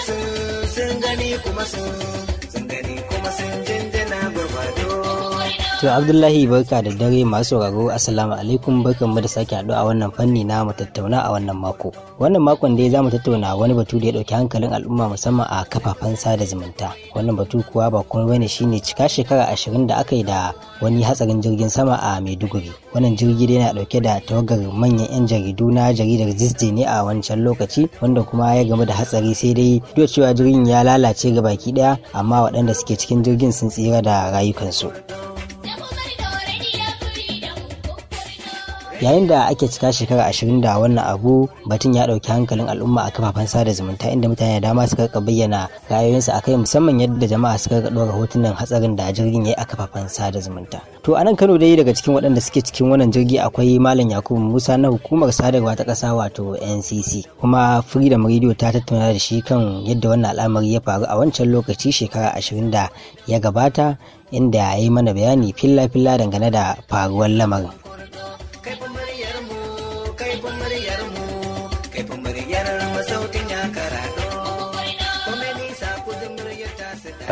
sun sun gani kuma sun sun gani kuma sun jinjin To Abdullahi barka da dare masu sauraro Assalamu alaikum barkanmu da sake haɗu a wannan fanni na mu tattauna a wannan mako. Wannan makon dai zamu tattauna wani batu da ya ɗauki hankalin al'umma musamman a kafafen sada zumunta. Wannan batu kuwa ba kuma bane shine cika shekara ashirin da aka yi da wani hatsarin jirgin sama a Maiduguri. Wannan jirgi dai yana ɗauke da tawagar manyan 'yan jaridu na jaridar Zizde ne a wancan lokaci wanda kuma ya gamu da hatsari sai dai duk cewa jirgin ya lalace ga baki ɗaya amma waɗanda suke cikin jirgin sun tsira da rayukansu. yayin da ake cika shekara ashirin da wannan abu batun ya ɗauki hankalin al'umma a kafafen sada zumunta inda mutane da dama suka ka bayyana ra'ayoyinsu akai musamman yadda jama'a suka rika ɗora hotunan hatsarin da jirgin ya yi a kafafen sada zumunta to a nan kano dai daga cikin waɗanda suke cikin wannan jirgi akwai malam yakubu musa na hukumar sadarwa ta ƙasa wato ncc kuma freedom radio ta tattauna da shi kan yadda wannan al'amari ya faru a wancan lokaci shekara ashirin da ya gabata inda ya yi mana bayani filla-filla dangane da faruwar lamarin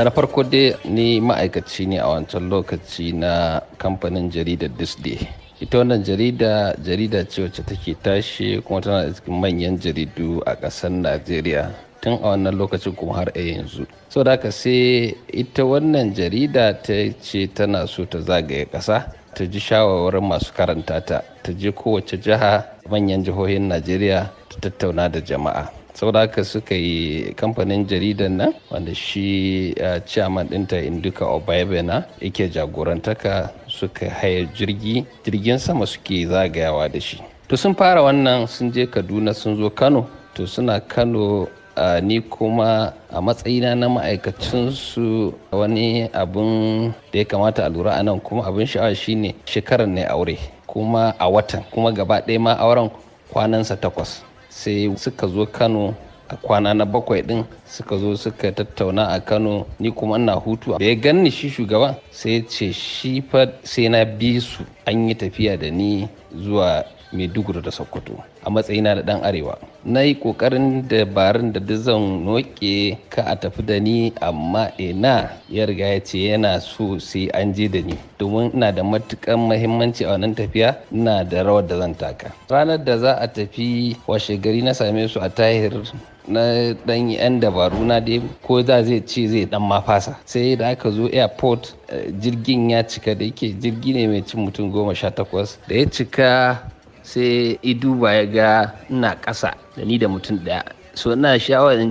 na farko dai ni ma'aikaci ne a wancan lokaci na kamfanin jaridar disney ita wannan jarida jarida ce wacce take tashi kuma tana da cikin manyan jaridu a ƙasar najeriya tun a wannan lokacin kuma har a yanzu sau da haka sai ita wannan jarida ta ce tana so ta zagaye ƙasa ta ji shawarwarin masu karanta ta ta je kowace jiha manyan jihohin najeriya ta tattauna da jama'a sauraka suka yi kamfanin jaridan nan wanda shi eh, chairman dinta induka obaibena yake jagorantaka suka haya jirgi jirgin sama suke zagayawa da shi to sun fara wannan sun je kaduna sun zo kano to suna kano Uh, ni kuma a matsayina na ma'aikacinsu wani abin da ya kamata a lura a nan kuma abin sha'awa shine shekarar ne aure kuma a watan kuma gaba ɗaya ma auren kwanansa takwas sai suka zo kano a kwana na bakwai din suka zo suka tattauna a kano ni kuma ina hutu da ya ganni shi shugaban sai ce shi fa sai na bi su an yi tafiya da ni zuwa Mai maiduguri da sokoto a matsayina da ɗan arewa na yi kokarin dabarun da duk zan noke ka a tafi da ni amma ina ya riga ya ce yana so sai an je da ni domin ina da matukan mahimmanci a wannan tafiya ina da rawar da zan taka ranar da za a tafi washe gari na same su a tahir na dan yan dabaru na dai ko da zai ce zai dan mafasa. sai da aka zo airport eh, jirgin ya cika da yake jirgi ne mai cin mutum goma sha takwas da ya cika sai iduba ya ga ina ƙasa da ni da mutum ɗaya so ina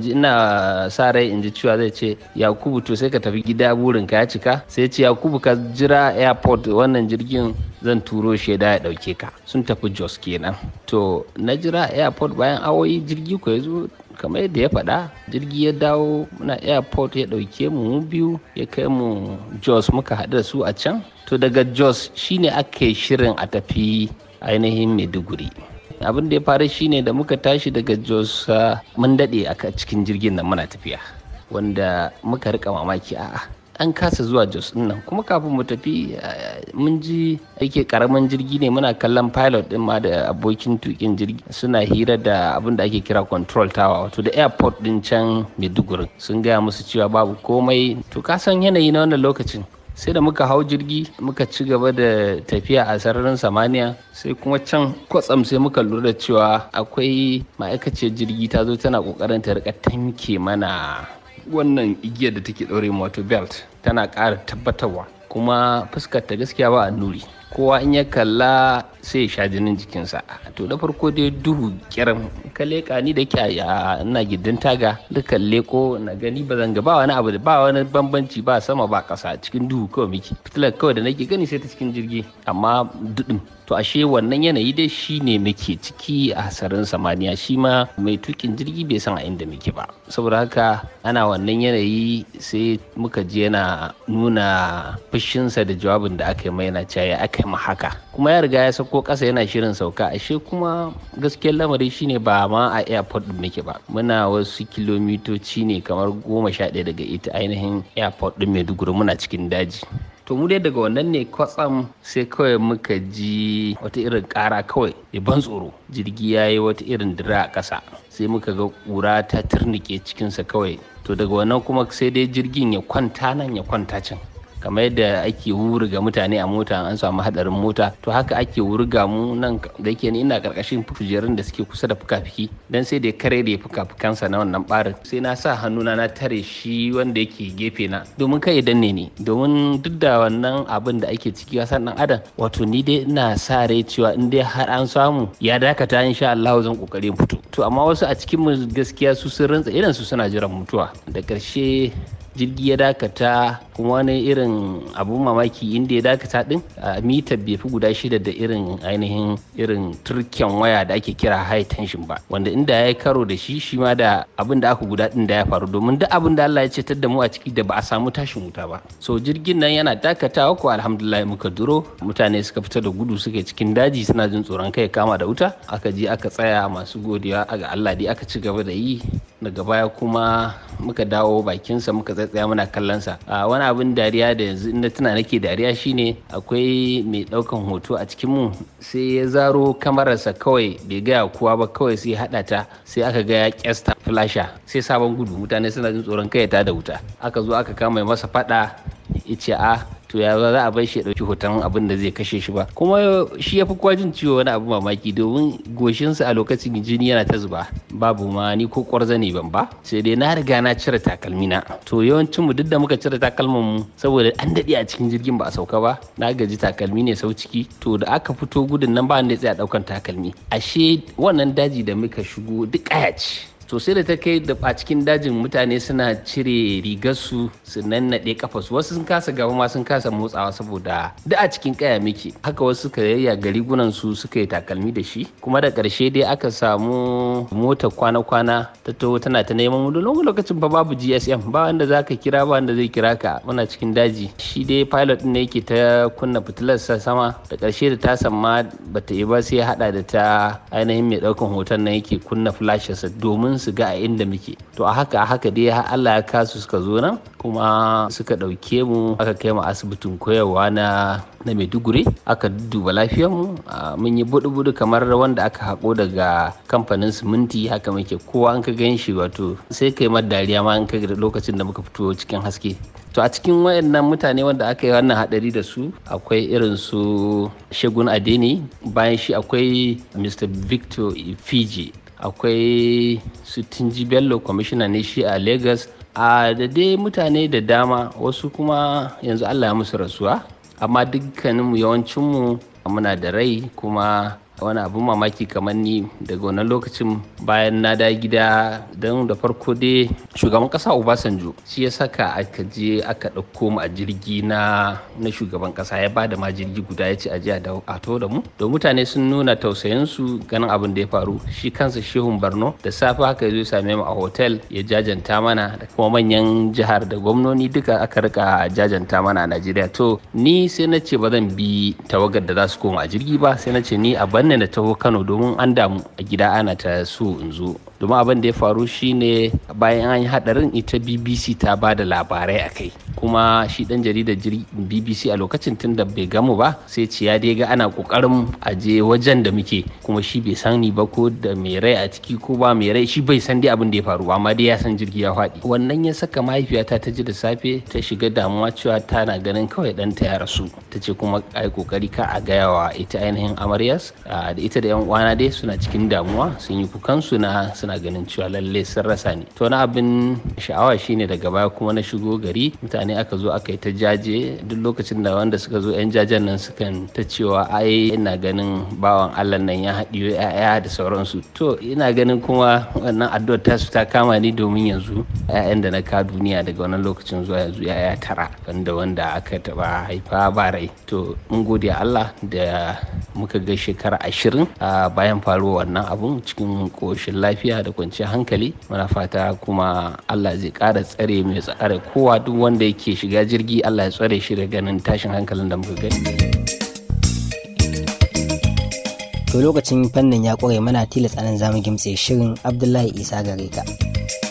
ina sa rai in ji cewa zai ce yakubu to sai ka tafi gida burin ka ya cika sai ce yakubu ka jira airport wannan jirgin zan turo shaida ya ɗauke ka sun tafi jos kenan to na jira airport bayan awoyi jirgi ko ya zo kamar yadda ya faɗa jirgi ya dawo muna airport ya ɗauke mu mu biyu ya kai mu jos muka haɗu su a can to daga jos shine ake shirin a tafi ainihin maiduguri abin da ya faru shine da muka tashi daga jos ah, mun daɗe a cikin jirgin nan muna tafiya wanda muka rika mamaki a an kasa zuwa jos nan kuma kafin mu tafi ah, mun ji yake karamin jirgi ne muna kallon pilot din ma da abokin tukin jirgi suna hira da abin da ake kira control tower wato da airport din can maiduguri sun gaya musu cewa babu komai to ka yanayi na wannan lokacin sai da muka hau jirgi muka ci gaba da tafiya a sararin samaniya sai kuma can kwatsam sai muka lura da cewa akwai ma'aikaciyar jirgi ta zo tana kokarin ta rika tanke mana wannan igiyar da take ɗaure wato belt tana ƙara tabbatarwa kuma fuskar ta gaskiya ba a nuri kowa in ya kalla sai ya sha jinin jikinsa to da farko dai duhu kiran ka leka ni da ke ina gidan taga dukan leko na gani ba zan ga ba wani abu ba wani bambanci ba sama ba kasa cikin duhu kawai miki fitilar kawai da nake gani sai ta cikin jirgi amma dudin to ashe wannan yanayi dai shi ne muke ciki a hasarin samaniya shi ma mai tukin jirgi bai san a inda muke ba saboda haka ana wannan yanayi sai muka je yana nuna fushinsa da jawabin da aka yi mai yana cewa aka yi haka kuma ya riga ya sauko ƙasa yana shirin sauka ashe kuma gaskiyar lamari shine ba ma a airport din nake ba muna wasu kilomitoci ne kamar goma sha ɗaya daga ita ainihin airport din maiduguri muna cikin daji to mu dai daga wannan ne kwatsam sai kawai muka ji wata irin ƙara kawai da ban tsoro jirgi ya yi wata irin dira a ƙasa sai muka ga ƙura ta turnike cikinsa kawai to daga wannan kuma sai dai jirgin ya kwanta nan ya kwanta can kamar yadda ake wurga mutane a mota an samu hadarin mota to haka ake wurga mu nan da yake ina karkashin kujerun da suke kusa da fukafiki dan sai da kare da fukafukansa na wannan barin sai na sa hannuna na tare shi wanda yake gefe na domin kai idan ne ne domin duk da wannan abin da ake ciki wasan dan adam wato ni dai ina sa rai cewa in dai har an samu ya dakata insha Allah zan kokarin fito to amma wasu a cikin mu gaskiya su sun rantsa irin su suna jiran mutuwa da karshe jirgi ya dakata kuma wani irin abun mamaki inda ya dakata din a mita bai fi guda shida da irin ainihin irin turken waya da ake kira high tension ba wanda inda ya yi karo da shi shi ma da abin da aka guda din da ya faru domin duk abin da Allah ya ce da mu a ciki da ba a samu tashin wuta ba so jirgin nan yana dakatawa ko alhamdulillah muka duro mutane suka fita da gudu suka cikin daji suna jin tsoron kai kama da wuta aka je aka tsaya masu godiya ga Allah dai aka ci gaba da yi daga baya kuma muka dawo bakinsa muka tsatsaya muna kallonsa a wani abin dariya da yanzu na tuna nake dariya shine akwai mai daukan hoto a cikin mu sai ya zaro kamararsa kawai bai gaya kowa ba kawai sai hada ta sai aka gaya ya flasha sai sabon gudu mutane suna jin tsoron kai ta da wuta aka zo aka kama masa fada ya ce a ah, to ya za a bar shi ya ɗauki hoton abin da zai kashe shi ba kuma shi ya fi kwajin ciwo wani abu mamaki domin goshinsa a lokacin jini yana ta zuba babu ma ni ko kwarza ne ban ba sai dai na riga na cire takalmina to yawancin mu duk da muka cire takalman mu saboda an daɗe a cikin jirgin ba a sauka ba na gaji takalmi ne sau ciki to da aka fito gudun nan ba ni da tsaya ɗaukan takalmi ashe wannan daji da muka shigo duk ayaci ce to sai da ta kai da a cikin dajin mutane suna cire rigarsu su nannaɗe kafasu wasu sun kasa gaba ma sun kasa motsawa saboda da a cikin kaya miki haka wasu suka yayya gari gunan su suka yi takalmi da shi kuma da karshe dai aka samu motar kwana-kwana ta to tana ta neman mu don lokacin fa babu GSM ba wanda zaka kira ba wanda zai kira ka muna cikin daji shi dai pilot ne yake ta kunna fitilar sa sama da karshe da ta samma bata yi ba sai hada da ta ainihin mai ɗaukan hoton nan yake kunna flashes domin su ga a inda muke to a haka a haka dai har Allah ya kasu suka zo nan kuma suka ɗauke mu aka kai mu asibitin koyarwa na na Maiduguri aka duba lafiyar mu mun yi budu-budu kamar wanda aka haƙo daga kamfanin siminti haka muke kowa an ka gan shi wato sai kai ma dariya ma an ka lokacin da muka fito cikin haske to a cikin wayannan mutane wanda aka yi wannan hadari da su akwai irin su shagun adeni bayan shi akwai mr victor fiji akwai su tinji bello kwamishina ne shi a lagos a da dai mutane da dama wasu kuma yanzu allah ya musu rasuwa amma dukkaninmu yawancinmu muna da rai kuma wani abin mamaki kamar ni daga wannan lokacin bayan na da gida don da farko dai shugaban kasa obasanjo shi ya saka aka je aka ɗauko mu a jirgi na shugaban kasa ya ba da ma jirgi guda ya ce ajiya a to da mu da mutane sun nuna tausayin su ganin abin da ya faru shi kansa shehun barno da safe haka ya zo same mu a hotel ya jajanta mana da kuma manyan jihar da gwamnoni duka aka rika jajanta mana a najeriya to ni sai na ce ba zan bi tawagar da za su koma a jirgi ba sai na ce ni a ban nan da taho kano domin an damu a gida ana ta so in zo domin abin da ya faru shine bayan an yi hadarin ita bbc ta ba da labarai a kai kuma shi dan jaridar bbc a lokacin tun da bai gamu ba sai ce ya ga ana kokarin aje wajen da muke kuma shi bai sani ba ko da mai rai a ciki ko ba mai rai shi bai san dai abin da ya faru amma dai ya san jirgi ya faɗi wannan ya saka mahaifiyata ta ji da safe ta shiga damuwa cewa tana ganin kawai ɗanta ya rasu ta ce kuma ai kokari ka a gaya wa ita ainihin amaryas da ita da yan uwana dai suna cikin damuwa sun yi kukansu na suna ganin cewa lalle sun rasa ni to na abin sha'awa shine daga baya kuma na shigo gari mutane aka zo aka yi ta jaje duk lokacin da wanda suka zo yan jajen nan sukan ta cewa ai ina ganin bawan Allah nan ya haɗiye ya'ya da sauransu to ina ganin kuma wannan addu'ar ta su ta kama ni domin yanzu 'ya'yan da na ka duniya daga wannan lokacin zuwa yanzu 'ya'ya tara wanda wanda aka taba haifa ba rai to mun gode Allah da muka ga shekara ashirin bayan faruwa wannan abun cikin koshin lafiya lafiya da kwanciyar hankali muna fata kuma Allah zai ƙara tsare mai tsare kowa duk wanda yake shiga jirgi Allah ya tsare shi da ganin tashin hankalin da muka gani. To lokacin fannin ya kware mana tilas anan zamu gimtse shirin Abdullahi Isa gare ka.